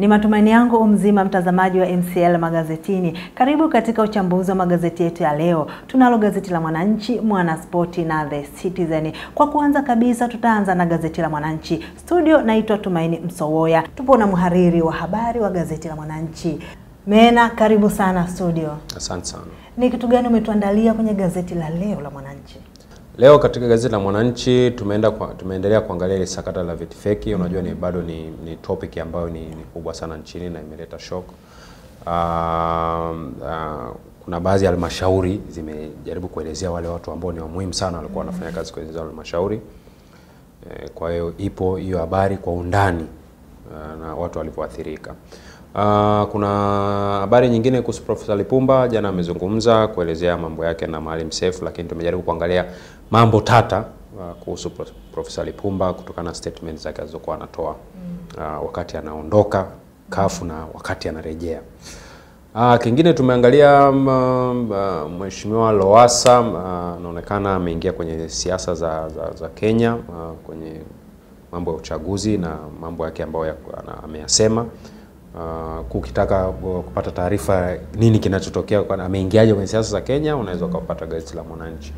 Ni matumaini yangu umzima mtazamaji wa MCL Magazetini. Karibu katika uchambuzi wa magazeti yetu ya leo. Tunalo gazeti la Mwananchi, Mwanaspoti na The Citizen. Kwa kuanza kabisa, tutaanza na gazeti la Mwananchi. Studio naitwa Tumaini Msowoya, tupo na mhariri wa habari wa gazeti la Mwananchi Mena, karibu sana studio. Asante sana. Ni kitu gani umetuandalia kwenye gazeti la leo la Mwananchi? Leo katika gazeti la Mwananchi tumeenda kwa, tumeendelea kuangalia ile sakata la vyeti feki. Unajua ni bado ni, ni topic ambayo ni, ni kubwa sana nchini na imeleta shock. Uh, uh, kuna baadhi ya halmashauri zimejaribu kuelezea wale watu ambao ni muhimu sana walikuwa wanafanya kazi kwenye zao halmashauri. Eh, kwa hiyo ipo hiyo habari kwa undani uh, na watu walivyoathirika. Uh, kuna habari nyingine kuhusu Profesa Lipumba. Jana amezungumza kuelezea mambo yake na Maalim Seif, lakini tumejaribu kuangalia mambo tata uh, kuhusu Profesa Lipumba kutokana na statement zake alizokuwa anatoa uh, wakati anaondoka kafu na wakati anarejea. Uh, kingine tumeangalia uh, Mheshimiwa Lowassa mm, anaonekana uh, ameingia kwenye siasa za, za, za Kenya uh, kwenye mambo ya uchaguzi na mambo yake ambayo ya, ameyasema ya, Uh, uh, kupata taarifa nini kinachotokea, ameingiaje kwenye siasa za Kenya, unaweza ukapata gazeti la Mwananchi.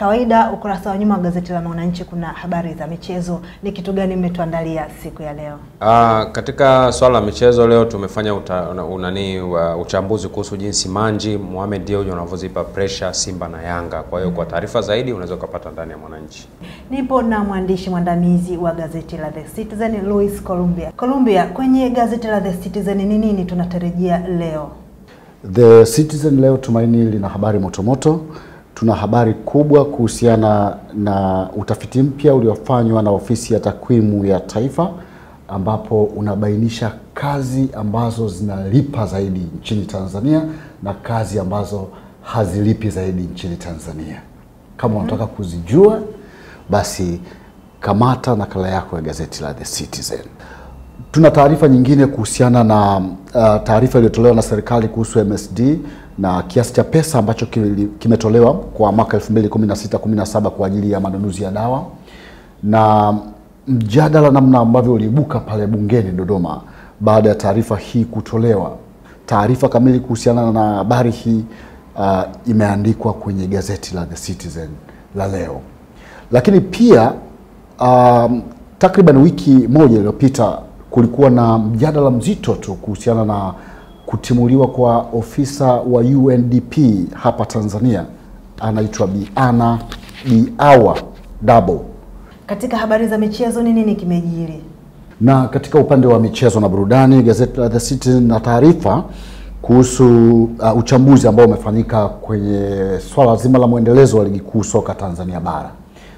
Kawaida ukurasa wa nyuma wa gazeti la Mwananchi kuna habari za michezo. Ni kitu gani mmetuandalia siku ya leo? Aa, ah, katika swala la michezo leo tumefanya uta, una, unani uchambuzi kuhusu jinsi Manji Mohamed Dewji wanavyozipa pressure Simba na Yanga. Kwa hiyo kwa taarifa zaidi unaweza ukapata ndani ya Mwananchi. Nipo na mwandishi mwandamizi wa gazeti la The Citizen Louis Columbia. Columbia, kwenye gazeti la The Citizen ni nini tunatarajia leo? The Citizen leo Tumaini lina habari motomoto moto tuna habari kubwa kuhusiana na utafiti mpya uliofanywa na Ofisi ya Takwimu ya Taifa, ambapo unabainisha kazi ambazo zinalipa zaidi nchini Tanzania na kazi ambazo hazilipi zaidi nchini Tanzania. Kama mhm. unataka kuzijua, basi kamata nakala yako ya gazeti la The Citizen. Tuna taarifa nyingine kuhusiana na uh, taarifa iliyotolewa na serikali kuhusu MSD na kiasi cha pesa ambacho kimetolewa kwa mwaka 2016-17 kwa ajili ya manunuzi ya dawa na mjadala namna ambavyo uliibuka pale bungeni Dodoma baada ya taarifa hii kutolewa. Taarifa kamili kuhusiana na habari hii uh, imeandikwa kwenye gazeti la The Citizen la leo, lakini pia uh, takriban wiki moja iliyopita kulikuwa na mjadala mzito tu kuhusiana na kutimuliwa kwa ofisa wa UNDP hapa Tanzania anaitwa Biana Biawa Dabo. Katika habari za michezo ni nini kimejiri? Na katika upande wa michezo na burudani, gazeti la The Citizen na taarifa kuhusu uh, uchambuzi ambao umefanyika kwenye swala zima la mwendelezo wa ligi kuu soka Tanzania bara.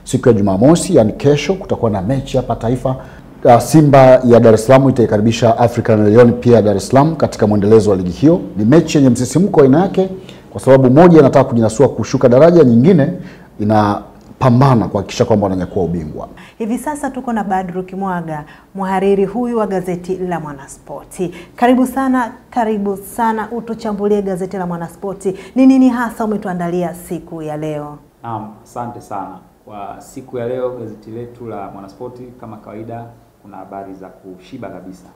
Siku ya Jumamosi, yani kesho, kutakuwa na mechi hapa Taifa uh, Simba ya Dar es Salaam itaikaribisha African Lyon pia Dar es Salaam katika mwendelezo wa ligi hiyo. Ni mechi yenye msisimko aina yake, kwa sababu moja inataka kujinasua kushuka daraja, nyingine ina pambana kuhakikisha kwamba wananyakua ubingwa. Hivi sasa tuko na Badru Kimwaga, mhariri huyu wa gazeti la Mwanaspoti. Karibu sana, karibu sana, utuchambulie gazeti la Mwanaspoti, ni nini hasa umetuandalia siku ya leo? Naam, asante sana kwa siku ya leo. Gazeti letu la Mwanaspoti kama kawaida kuna habari za kushiba kabisa.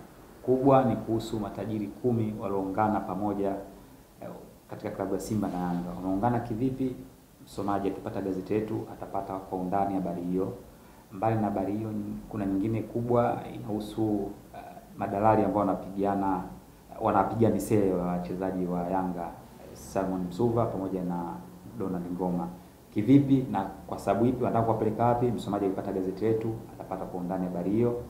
Kubwa ni kuhusu matajiri kumi walioungana pamoja eh, katika klabu ya Simba na Yanga. Wameungana kivipi? Msomaji akipata gazeti yetu atapata kwa undani habari hiyo. Mbali na habari hiyo, kuna nyingine kubwa inahusu uh, madalali ambao wanapigiana wanapiga misele wa wachezaji wa Yanga Simon Msuva pamoja na Donald Ngoma kivipi na kwa sababu ipi wanataka kuwapeleka wapi? Msomaji akipata gazeti letu atapata kwa undani habari hiyo.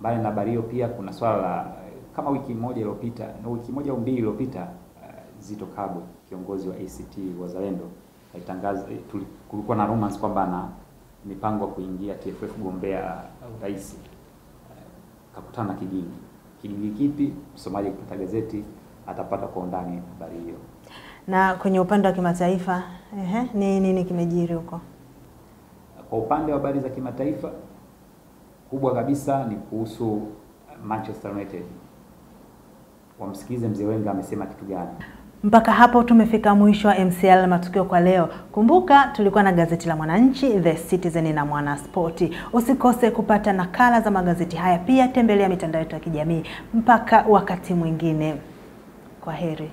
Mbali na habari hiyo, pia kuna swala la eh, kama wiki moja iliyopita na wiki moja au mbili iliyopita uh, eh, Zito Kabwe kiongozi wa ACT Wazalendo alitangaza, eh, kulikuwa na rumors kwamba ana mipango ya kuingia TFF gombea rais. kakutana na Kigigi. kipi? Msomaji kupata gazeti atapata kwa undani habari hiyo. Na kwenye upande wa kimataifa, ehe, ni nini kimejiri huko? Kwa upande wa habari za kimataifa kubwa kabisa ni kuhusu uh, Manchester United. Wamsikize mzee Wenga amesema kitu gani. Mpaka hapo tumefika mwisho wa MCL matukio kwa leo. Kumbuka tulikuwa na gazeti la Mwananchi, The Citizen na Mwanaspoti. Usikose kupata nakala za magazeti haya, pia tembelea mitandao yetu ya kijamii. Mpaka wakati mwingine, kwa heri.